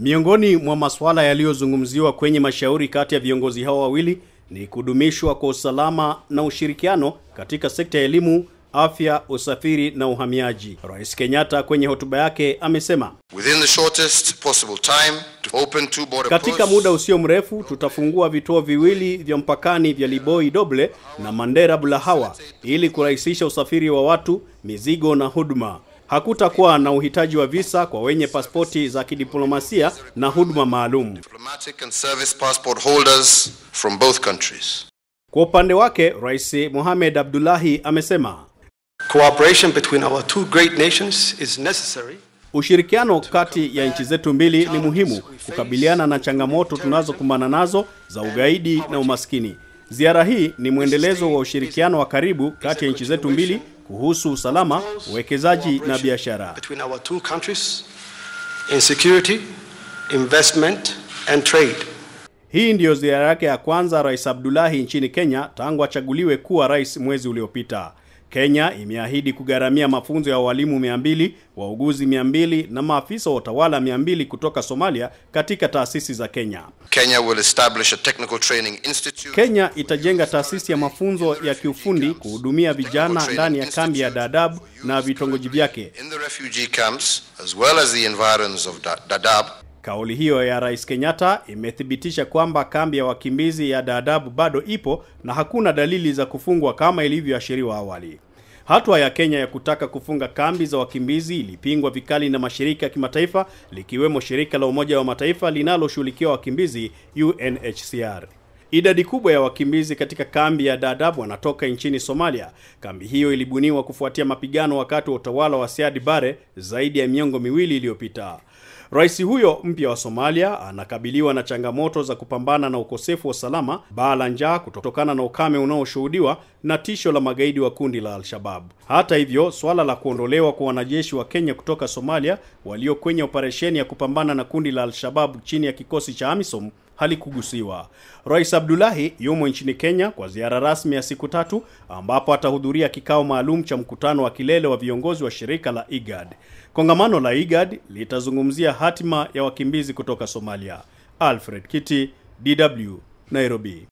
Miongoni mwa masuala yaliyozungumziwa kwenye mashauri kati ya viongozi hao wawili ni kudumishwa kwa usalama na ushirikiano katika sekta ya elimu, afya, usafiri na uhamiaji. Rais Kenyatta kwenye hotuba yake amesema, Within the shortest possible time to open two border posts. Katika muda usio mrefu tutafungua vituo viwili vya mpakani vya Liboi Doble na Mandera Bulahawa ili kurahisisha usafiri wa watu, mizigo na huduma hakutakuwa na uhitaji wa visa kwa wenye pasipoti za kidiplomasia na huduma maalum. Kwa upande wake, Rais Mohamed Abdullahi amesema Cooperation between our two great nations is necessary. Ushirikiano kati ya nchi zetu mbili ni muhimu kukabiliana na changamoto tunazokumbana nazo za ugaidi na umaskini. Ziara hii ni mwendelezo wa ushirikiano wa karibu kati ya nchi zetu mbili kuhusu usalama, uwekezaji na biashara. Hii ndiyo ziara yake ya kwanza Rais Abdullahi nchini Kenya tangu achaguliwe kuwa rais mwezi uliopita. Kenya imeahidi kugharamia mafunzo ya walimu 200, wauguzi 200 na maafisa wa utawala 200 kutoka Somalia katika taasisi za Kenya. Kenya will establish a technical training institute. Kenya itajenga taasisi ya mafunzo ya kiufundi kuhudumia vijana ndani ya kambi ya Dadaab na vitongoji vyake. In the refugee camps as well as the environs of Dadaab Kauli hiyo ya Rais Kenyatta imethibitisha kwamba kambi ya wakimbizi ya Dadaab bado ipo na hakuna dalili za kufungwa kama ilivyoashiriwa awali. Hatua ya Kenya ya kutaka kufunga kambi za wakimbizi ilipingwa vikali na mashirika ya kimataifa likiwemo shirika la Umoja wa Mataifa linaloshughulikia wakimbizi UNHCR. Idadi kubwa ya wakimbizi katika kambi ya Dadaab wanatoka nchini Somalia. Kambi hiyo ilibuniwa kufuatia mapigano wakati wa utawala wa Siad Barre zaidi ya miongo miwili iliyopita. Rais huyo mpya wa Somalia anakabiliwa na changamoto za kupambana na ukosefu wa usalama, baa la njaa kutokana na ukame unaoshuhudiwa na tisho la magaidi wa kundi la Al-Shabab. Hata hivyo, swala la kuondolewa kwa wanajeshi wa Kenya kutoka Somalia walio kwenye operesheni ya kupambana na kundi la Al-Shabab chini ya kikosi cha AMISOM halikugusiwa. Rais Abdullahi yumo nchini Kenya kwa ziara rasmi ya siku tatu ambapo atahudhuria kikao maalum cha mkutano wa kilele wa viongozi wa shirika la IGAD. Kongamano la IGAD litazungumzia hatima ya wakimbizi kutoka Somalia. Alfred Kiti, DW, Nairobi.